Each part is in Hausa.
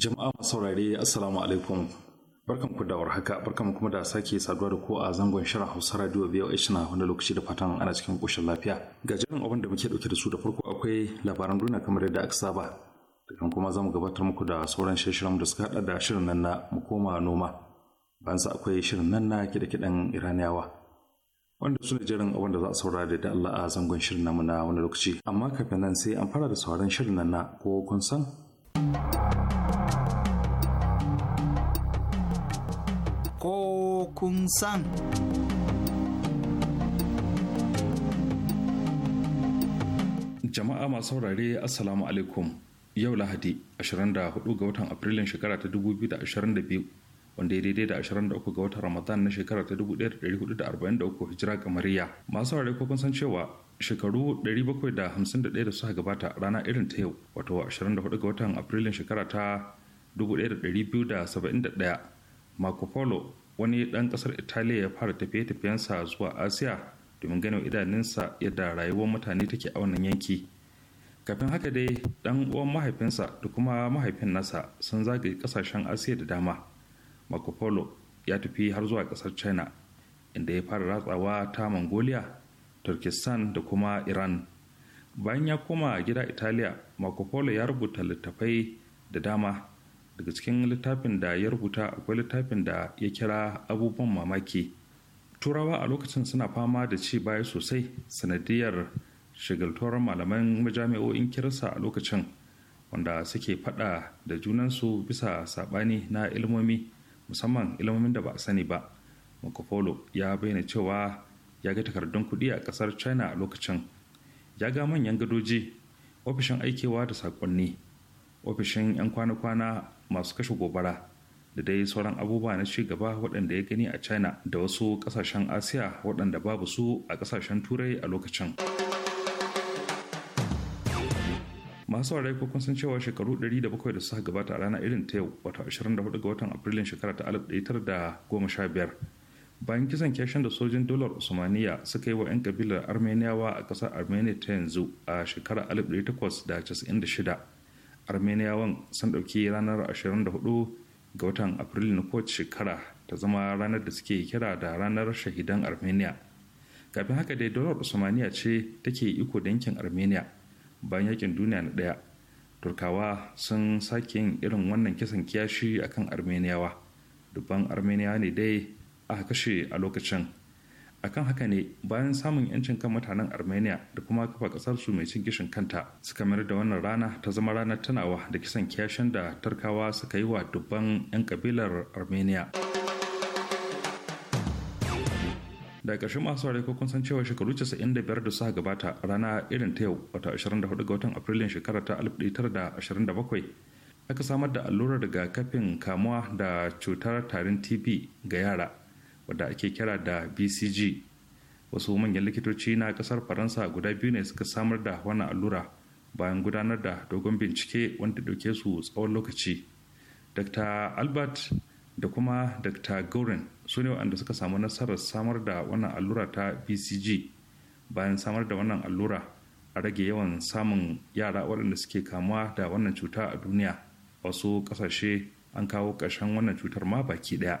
Jama'a masu saurare Assalamu alaikum. Barkan ku da warhaka, barkan kuma da sake saduwa da ku a zangon shirin Hausa Radio a na wani lokaci da fatan ana cikin koshin lafiya. Ga jirin abin da muke dauke da su da farko akwai labaran duniya kamar yadda aka saba. Daga kuma za mu gabatar muku da sauran shirin da suka hada da shirin nan na mu koma noma. Bayan sa akwai shirin nan na "kidakidan Iraniyawa. wanda su ne jerin abin da za a saurara da Allah a zangon shirin namu na wani lokaci amma kafin nan sai an fara da sauran shirin nan na ko kun san kun san. Jama'a masu saurare Assalamu alaikum yau Lahadi 24 ga watan Afrilun shekara ta 2022 wanda ya daidai da 23 ga watan Ramadan na shekara ta 1443 hijira kamariya. Masu saurare ko kun san cewa shekaru 751 da suka gabata rana irin ta yau wato 24 ga watan Afrilun shekara ta 1271 Marco Polo wani ɗan ƙasar italiya ya fara tafiye-tafiyensa zuwa asiya domin ganin idaninsa yadda rayuwar mutane take a wannan yanki kafin haka dai ɗan uwan mahaifinsa da kuma mahaifin nasa sun zagaye ƙasashen asiya da dama marco ya tafi har zuwa ƙasar china inda ya fara ratsawa ta mongolia turkistan da kuma iran bayan ya koma gida italiya marco ya rubuta littattafai da dama daga cikin littafin da ya rubuta akwai littafin da ya kira abubuwan mamaki turawa a lokacin suna fama da ci baya sosai sanadiyar shigaltuwar malaman majami'o'in kirista a lokacin wanda suke fada da junansu bisa sabani na ilmomi musamman ilmomin da ba a sani ba makofolo ya bayyana cewa ya ga takardun kuɗi a ƙasar china a lokacin ya ga manyan gadoji ofishin aikewa da saƙonni ofishin 'yan kwana-kwana masu kashe gobara da dai sauran abubuwa na ci gaba waɗanda ya gani a china da wasu ƙasashen asiya waɗanda babu su a ƙasashen turai a lokacin masu warai ko kun san cewa shekaru 107 da suka gabata a rana irin ta yau wata 24 ga watan afrilun shekara ta 1915 bayan kisan kyashin da sojin dolar usmaniya suka yi wa 'yan kabilar armeniyawa a ƙasar armenia ta yanzu a shekara 1896 armeniyawan sun ɗauki ranar 24 ga watan afrilu na kowace shekara ta zama ranar da suke kira da ranar shahidan armeniya kafin haka dai dolar usmaniya ce take iko da yankin armeniya bayan yakin duniya na ɗaya turkawa sun sake yin irin wannan kisan kiyashi akan armeniyawa dubban armeniya ne dai aka kashe a lokacin akan haka ne bayan samun yancin kan mutanen armenia da kuma kafa kasar su mai cin gishin kanta suka mayar da wannan rana ta zama ranar tunawa da kisan kiyashin da tarkawa suka yi wa dubban 'yan kabilar armenia da ƙarshen masu ware kun san cewa shekaru 95 da suka gabata rana irin ta yau wata 24 ga watan afrilun shekara ta 1927 aka samar da allurar rigakafin kamuwa da cutar tarin tv ga yara wadda ake kira da bcg wasu manyan likitoci na kasar faransa guda biyu ne suka samar da wannan allura bayan gudanar da dogon bincike wanda dauke su tsawon lokaci dr albert da kuma dr gorin su ne waɗanda suka samu nasarar samar da wannan allura ta bcg bayan samar da wannan allura a rage yawan samun yara waɗanda suke kamuwa da wannan cuta a duniya wasu ƙasashe an kawo ƙarshen wannan cutar ma baki ɗaya.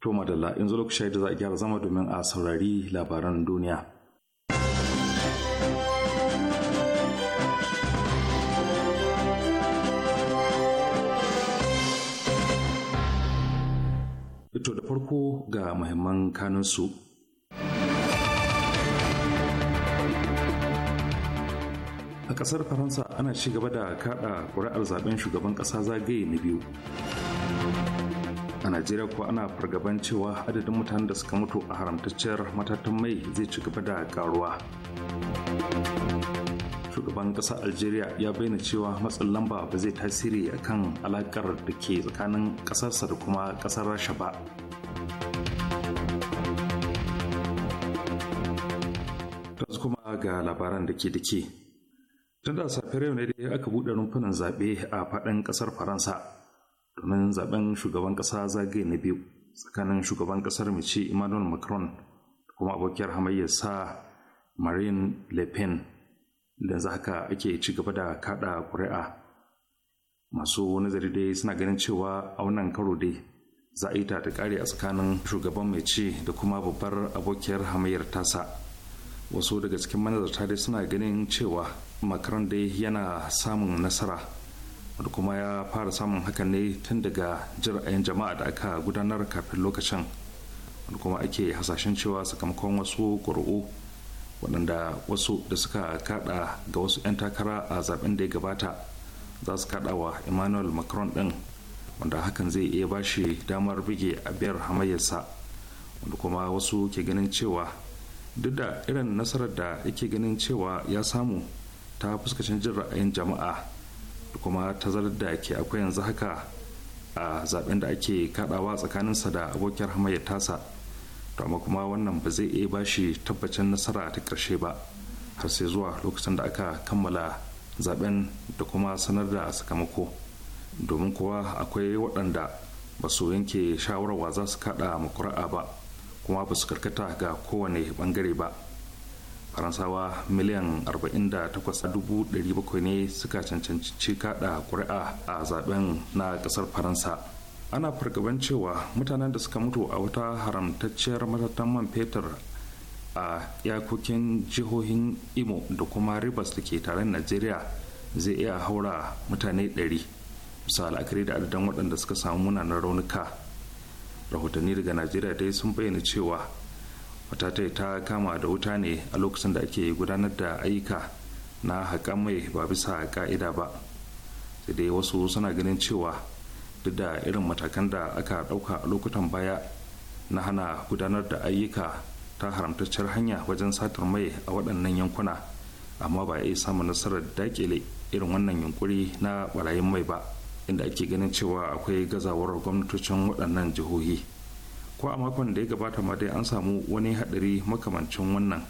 To madalla yanzu lokaci da za a gyara zama domin a saurari labaran duniya. Ito da farko ga muhimman kanunsu. A ƙasar Faransa ana ci da kaɗa ƙuri'ar zaɓen shugaban ƙasa zagaye na biyu. a najeriya kuwa ana fargaban cewa adadin mutanen da suka mutu a haramtacciyar matatan mai zai ci gaba da karuwa shugaban ƙasar algeria ya bayyana cewa matsin lamba ba zai tasiri akan alakar da ke tsakanin ƙasarsa da kuma ƙasar rasha ba yanzu kuma ga labaran da ke dake tun da safiyar yau ne da aka buɗe rumfunan zaɓe a faɗin ƙasar faransa domin zaben shugaban ƙasa zagaye na biyu tsakanin shugaban ƙasar mai ci emmanuel macron da kuma abokiyar sa marine le pen yanzu haka ake ci gaba da kada ƙuri'a masu nazari dai suna ganin cewa a wannan karo dai za a yi ta ta kare a tsakanin shugaban mai ci da kuma babbar abokiyar hamayyar tasa wasu daga cikin manazarta dai suna ganin cewa makaron dai yana samun nasara da kuma ya fara samun hakan ne tun daga jira'ayin jama'a da aka gudanar kafin lokacin da kuma ake hasashen cewa sakamakon wasu ƙuri'u waɗanda wasu da suka kaɗa ga wasu 'yan takara a zaben da ya gabata za su kaɗa wa emmanuel macron ɗin wanda hakan zai iya ba shi damar buge a biyar hamayyarsa wanda kuma wasu ke ganin cewa duk da irin nasarar da yake ganin cewa ya samu ta fuskacin jin ra'ayin jama'a kuma tazarar da ke akwai yanzu haka a zaben da ake kadawa tsakaninsa da abokiyar hamayyar tasa to amma kuma wannan ba zai iya bashi tabbacin nasara ta karshe ba har sai zuwa lokacin da aka kammala zaben da kuma sanar da sakamako domin kuwa akwai waɗanda ba su yanke shawarwa za su kada makura'a ba kuma ba su karkata ga kowane bangare ba faransawa miliyan 48,700 ne suka cancanci kada kuri'a a zaben na kasar faransa ana fargaban cewa mutanen da suka mutu a wata haramtacciyar matattan man fetur a yakokin jihohin imo da kuma ribas da ke taron najeriya zai iya haura mutane 100 a la'akari da adadin waɗanda suka samu munanan raunuka rahotanni daga najeriya dai sun bayyana cewa matatai ta kama da wuta ne a lokacin da ake gudanar da ayyuka na haƙan mai ba bisa ƙa'ida ba sai dai wasu suna ganin cewa duk da irin matakan da aka ɗauka a lokutan baya na hana gudanar da ayyuka ta haramtacciyar hanya wajen satar mai a waɗannan yankuna amma ba iya samun nasarar dakile irin wannan yunkuri na ɓarayin mai ba inda ake ganin cewa akwai gazawar gwamnatocin waɗannan jihohi. ko a makon da ya gabata ma dai an samu wani hadari makamancin wannan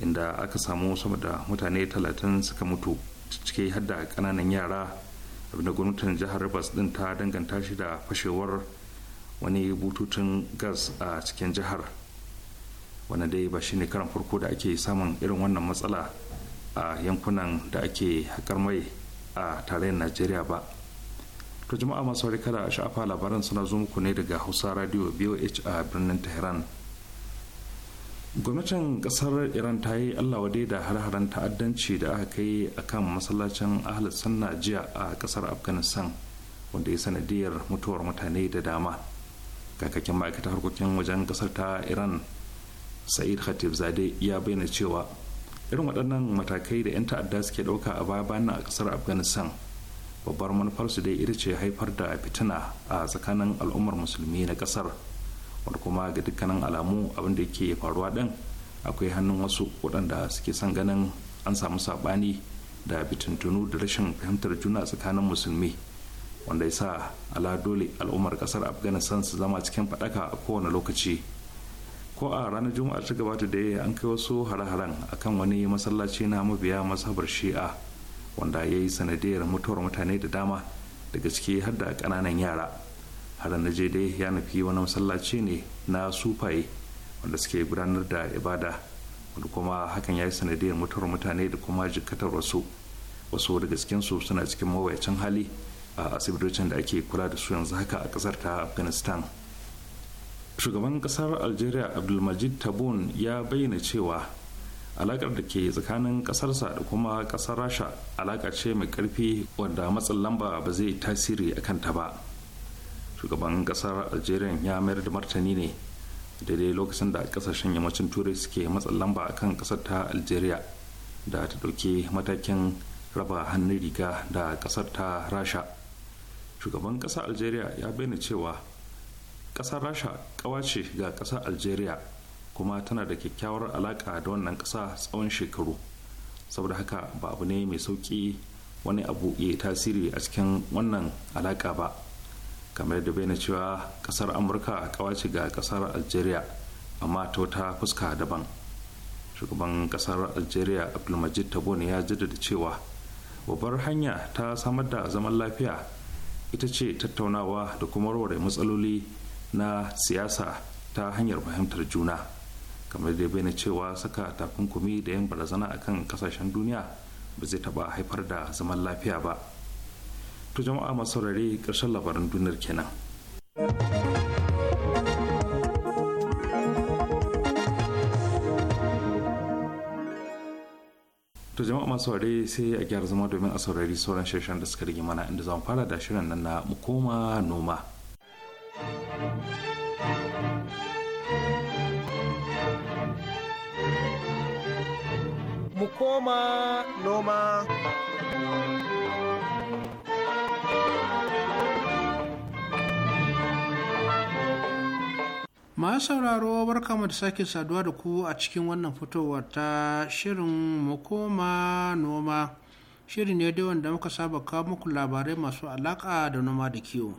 inda aka samu sama da mutane talatin suka mutu cike hadda kananan yara abinda gwamnatin jihar rivers din ta danganta shi da fashewar wani bututun gas a cikin jihar wanda dai ba shine karan farko da ake samun irin wannan matsala a yankunan da ake haƙar mai a tarayyar najeriya ba to jama'a masu wari kada a sha'afa labaran suna zo muku ne daga hausa radio boh a birnin tehran gwamnatin kasar iran ta yi allawa dai da har-haren ta'addanci da aka kai a kan masallacin ahalar sanna jiya a kasar afghanistan wanda ya sanadiyar mutuwar mutane da dama kakakin ma'aikatar harkokin wajen kasar ta iran sa'id khatib zade ya bayyana cewa irin waɗannan matakai da 'yan ta'adda suke ɗauka a baya bayan a kasar afghanistan babbar manufar su dai ita ce haifar da fitina a tsakanin al'ummar musulmi na kasar wanda kuma ga dukkanin alamu abin da yake faruwa din akwai hannun wasu waɗanda suke son ganin an samu saɓani da fitintunu da rashin fahimtar juna tsakanin musulmi wanda ya sa ala dole al'ummar kasar afghanistan su zama cikin faɗaka a kowane lokaci ko a ranar juma'a ta gabata da ya an kai wasu hare-haren akan wani masallaci na mabiya masabar shi'a wanda ya yi sanadiyar mutuwar mutane da dama da gaske har da kananan yara har na je dai ya nufi wani masallaci ne na sufaye wanda suke gudanar da ibada wanda kuma hakan ya yi sanadiyar mutuwar mutane da kuma jikatar wasu wasu daga cikinsu suna cikin mawayacin hali a asibitocin da ake kula da su yanzu haka a kasar ta afghanistan shugaban kasar algeria abdulmajid tabun ya bayyana cewa alakar da ke tsakanin kasarsa da kuma ƙasar rasha alaka ce mai ƙarfi wadda matsin lamba ba zai tasiri a kanta ba shugaban ƙasar algeria ya mayar da martani ne daidai lokacin da kasashen yammacin turai suke matsin lamba a kan kasar ta algeria da ta ɗauki matakin raba hannun riga da ƙasar ta rasha shugaban ƙasar algeria ya bayyana cewa ƙasar rasha kawace ga ƙasar algeria kuma tana da kyakkyawar alaƙa da wannan ƙasa tsawon shekaru saboda haka ba abu ne mai sauƙi wani abu ya tasiri a cikin wannan alaƙa ba kamar da na cewa ƙasar amurka kawace ga ƙasar algeria amma ta wata fuska daban shugaban ƙasar algeria abdulmajid tabon ya jaddada cewa babbar hanya ta samar da zaman lafiya ita ce tattaunawa da kuma warware matsaloli na siyasa ta hanyar fahimtar juna. kamar da bai na cewa saka takunkumi da yan barazana akan kasashen duniya ba zai taba haifar da zaman lafiya ba to jama'a masu saurare ƙarshen labaran duniyar kenan to jama'a masu saurare sai a gyara zama domin a saurari sauran shirshen da suka rige mana inda zamu fara da shirin nan na mu koma noma mu koma noma. masu sauraro barkamu da sake saduwa da ku a cikin wannan fitowar ta shirin mu koma noma shiri ne dai wanda muka saba kawo muku labarai masu alaka da noma da kiwo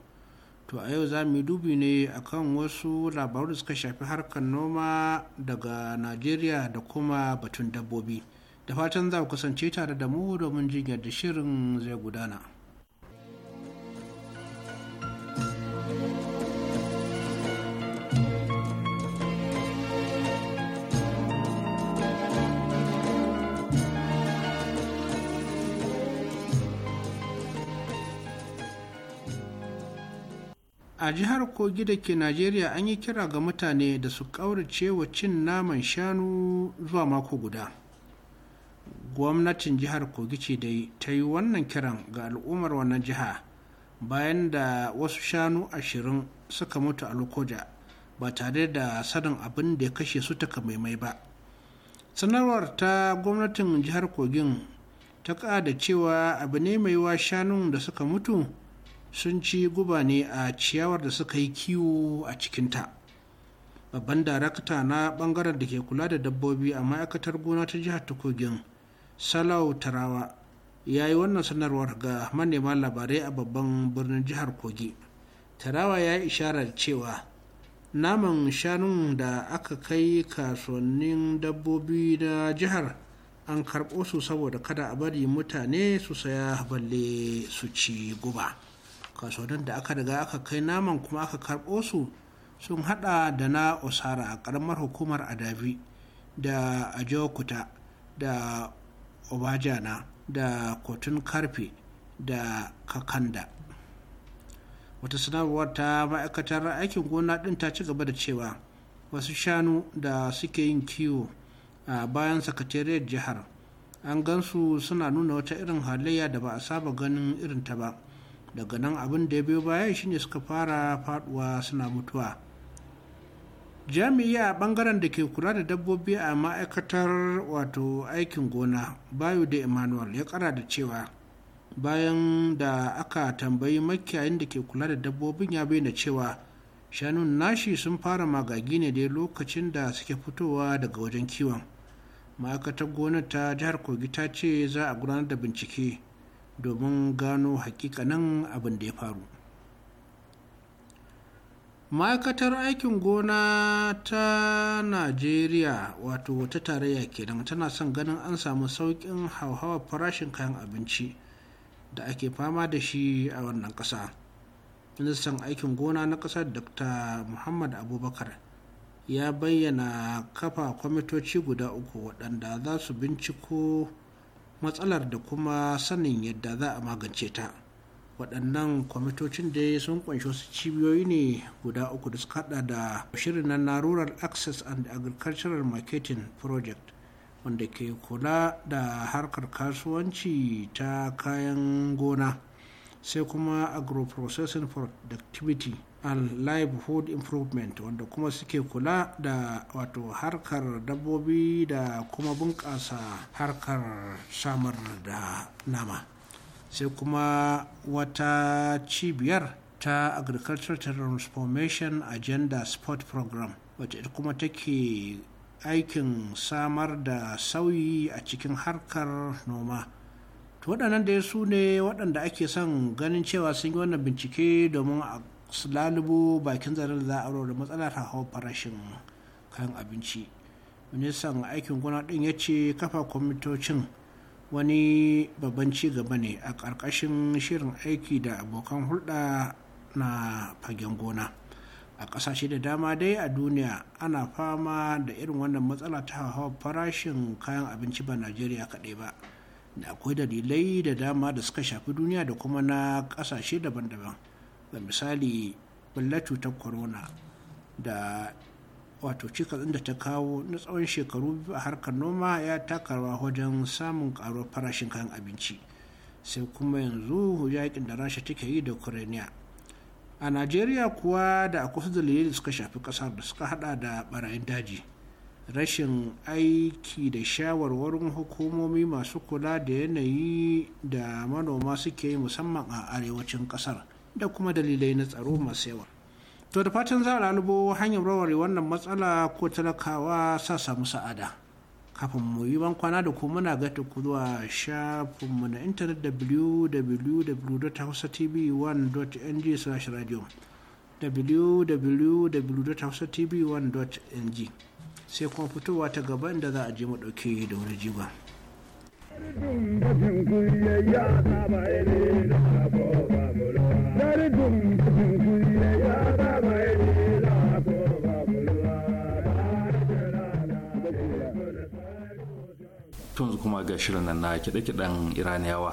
to a yau za mu yi dubi ne akan wasu labaru da suka shafi harkar noma daga najeriya da kuma batun dabbobi. da fatan za ku kasance tare da mu domin jin yadda shirin zai gudana. a jihar kogi da ke najeriya an yi kira ga mutane da su ƙaurace wa cin naman shanu zuwa mako guda gwamnatin jihar kogi ce dai ta yi wannan kiran ga al'ummar wannan jiha bayan da wasu shanu ashirin suka mutu a lokoja ba tare da sanin abin da ya kashe su takamaimai ba sanarwar ta gwamnatin jihar kogin ta kada cewa abu ne mai wa shanun da suka mutu sun ci guba ne a ciyawar da suka yi kiwo a cikinta babban darakta na bangaren da ke kula da dabbobi a ma'aikatar gona ta jihar ta kogin salau tarawa ya yi wannan sanarwar ga manema labarai a babban birnin jihar kogi tarawa ya yi isharar cewa naman shanun da aka kai kasuwannin dabbobi na jihar an karɓo su saboda kada a bari mutane su saya balle su ci guba kasuwannin da aka daga aka kai naman kuma aka karɓo su sun hada da na osara a ƙaramar hukumar adabi da ajokuta da obajana da kotun karfe da kakanda wata sanarwar ta ma'aikatar aikin gona ɗin ta ci gaba da cewa wasu shanu da suke yin kiwo a bayan sakatariyar jihar an gansu suna nuna wata irin halayya da ba a saba ganin irin ta ba daga nan abin da ya biyo baya shine suka fara faduwa suna mutuwa jami'i a bangaren da ke kula da dabbobi a ma'aikatar wato aikin gona bayo da emmanuel ya kara da cewa bayan da aka tambayi makiyayin da ke kula da dabbobin ya bayyana cewa shanun nashi sun fara magagi ne dai lokacin da suke fitowa daga wajen kiwon ma'aikatar gona ta jihar kogi ta ce za a gudanar da bincike domin gano hakikanin abin da ya faru ma'aikatar aikin gona ta najeriya wato wata tarayya kenan tana son ganin an samu saukin hauhawa farashin kayan abinci da ake fama da shi a wannan ƙasa ministan aikin gona na ƙasar dr muhammad abubakar ya bayyana kafa kwamitoci guda uku waɗanda za su binciko matsalar da kuma sanin yadda za a magance ta waɗannan kwamitocin da sun kunshi wasu cibiyoyi ne guda uku da suka hada da shirin nan na rural access and agricultural marketing project wanda ke kula da harkar kasuwanci ta kayan gona sai kuma agroprocessing productivity and livelihood improvement wanda kuma suke kula da wato harkar dabbobi da kuma bunƙasa harkar samar da nama sai kuma wata cibiyar ta agricultural transformation agenda sport program wacce kuma take aikin samar da sauyi a cikin harkar noma to waɗannan da su ne waɗanda ake son ganin cewa sun yi wannan bincike domin a lalubo bakin zarar da a da matsalar hauhawar farashin kayan abinci ministan aikin gona ɗin ya ce kafa kwamitocin wani babban ci gaba ne a ƙarƙashin shirin aiki da abokan hulɗa na fagen gona a ƙasashe da dama dai a duniya ana fama da irin wannan matsala ta hawa farashin kayan abinci ba najeriya kaɗai ba da akwai dalilai da dama da suka shafi duniya da kuma na ƙasashe daban-daban ga misali ɓulla cutar corona da wato cikas da ta kawo na tsawon shekaru biyu a harkar noma ya takarwa wajen samun karuwar farashin kayan abinci sai kuma yanzu yakin da rasha take yi da ukraine a najeriya kuwa da akwai dalilai da suka shafi kasar da suka hada da barayin daji rashin aiki da shawarwarin hukumomi masu kula da yanayi da manoma suke yi musamman a arewacin kasar da kuma dalilai na tsaro masu yawa to da fatan za a lalubo hanyar raware wannan matsala ko talakawa sa samu sa'ada kafin mu yi ban kwana da ku muna ga ku zuwa shafinmu na intanet www.hausatv1.ng/radio www.hausatv1.ng sai kuma fitowa ta gaba inda za a je mu dauke da wani jiwa Dari dum tun kuma ga shirin nan na kiɗe-kiɗen iraniyawa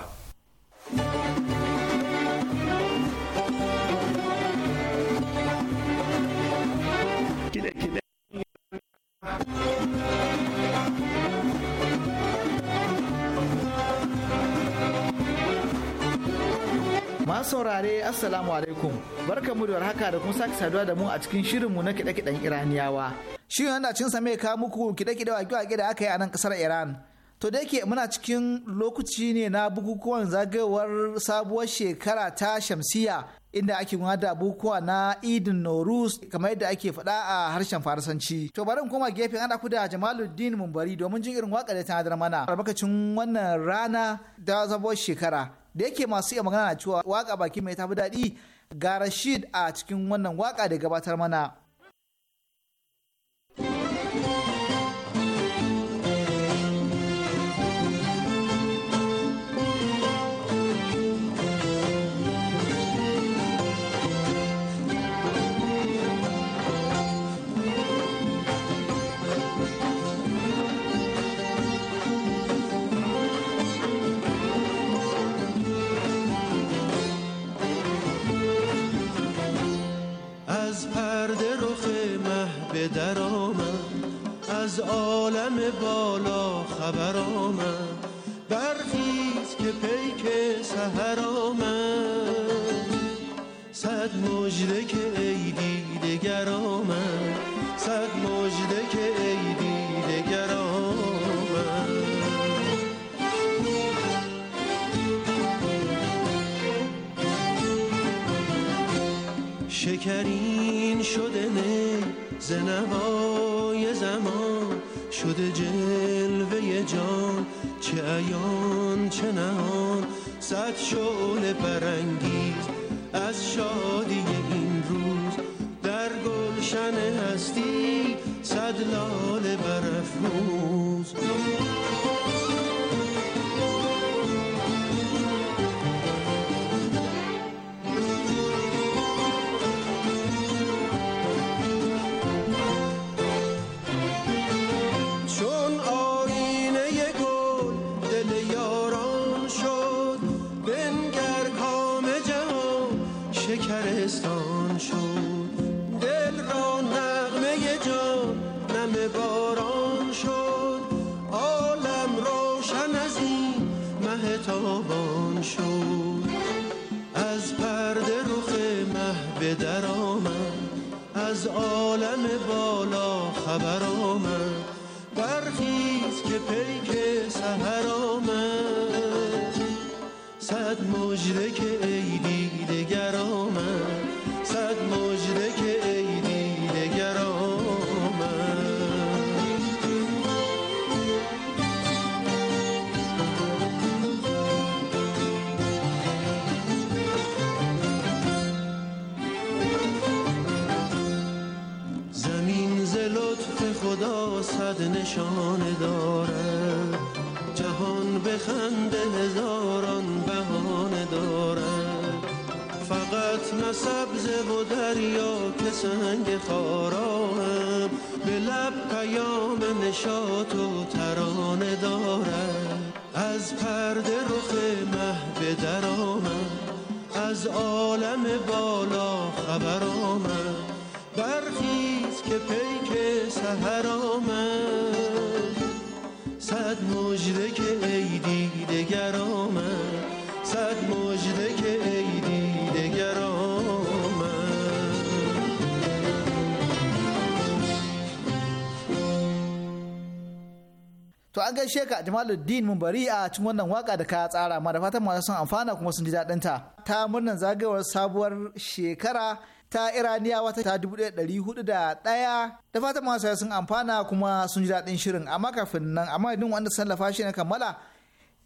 saurare Assalamu alaikum barka mu da haka da kun sake saduwa da mu a cikin shirinmu na kide kiden Iraniyawa. Shirin yana cin same ka kawo muku kide kiɗe wa da aka yi a nan ƙasar Iran. To da yake muna cikin lokaci ne na bukukuwan zagayowar sabuwar shekara ta shamsiya inda ake da bukukuwa na idin norus kamar yadda ake faɗa a harshen farisanci. To bari koma gefen ana ku da Jamaluddin Mumbari domin jin irin waƙa da ta mana albarkacin wannan rana da sabuwar shekara. Da yake masu iya magana cewa waƙa baki mai tafi daɗi ga Rashid a cikin wannan waƙa da gabatar mana. Barbaro صد مجده که ای دیدگر آمد صد مجده که ای زمین ز لطف خدا صد نشانه دارد جهان به خنده هزاران نه سبز و دریا که سنگ هم به لب پیام نشاط و ترانه دارد از پرده رخ مه به از عالم بالا خبر آمد برخیز که پیک سهر آمد gaishe ka Jamaluddin Mumbari a cikin wannan waka da ka tsara ma da fatan masu sun amfana kuma sun ji daɗin ta. Ta murnan zagayowar sabuwar shekara ta Iraniya wata ta dubu hudu da da ɗaya fatan masu sun amfana kuma sun ji daɗin shirin amma kafin nan amma idan wanda sallafa shi na kammala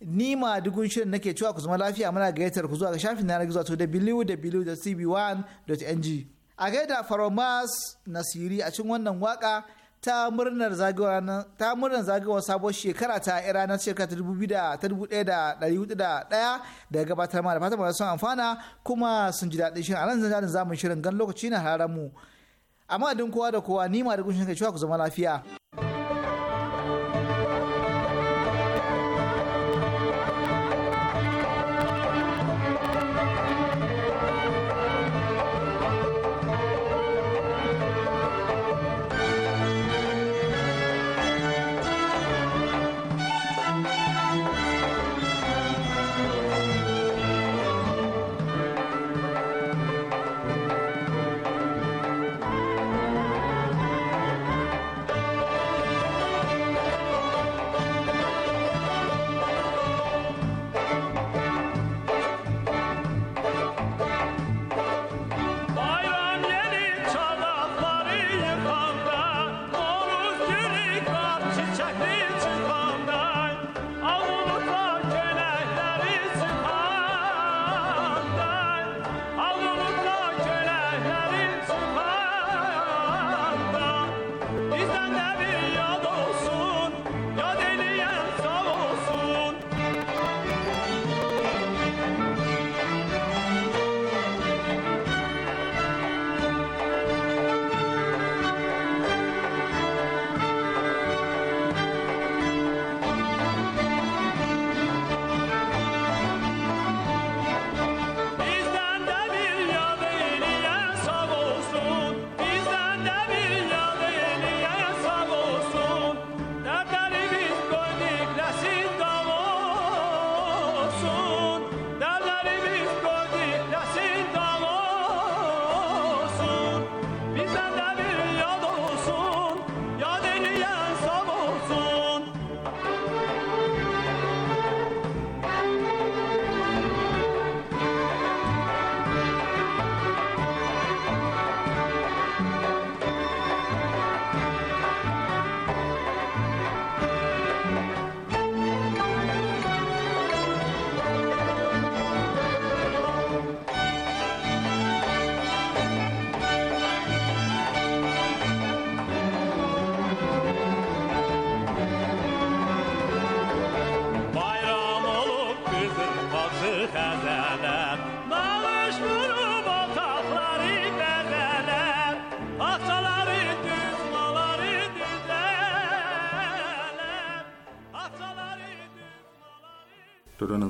ni ma dugun shirin nake cewa ku zama lafiya muna gayyatar ku zuwa ga shafin na gizo to www.cb1.ng a gaida faromas nasiri a cikin wannan waka ta murnar zagawa sabuwar shekara ta iranar shekara ta 1401 da gabatar ma da fatan masu sun amfana kuma sun ji daɗin shirin a nan zanen zamun shirin gan lokaci na hararen mu amma din kowa da kowa ni ma da gunshin kai ku zama lafiya.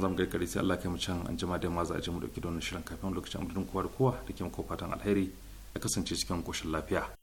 zamu gargare sai Allah kai mu can an jima da ma za a ji mu dauki don shirin kafin lokacin amudin kowa da kowa da ke muku fatan alheri a kasance cikin koshin lafiya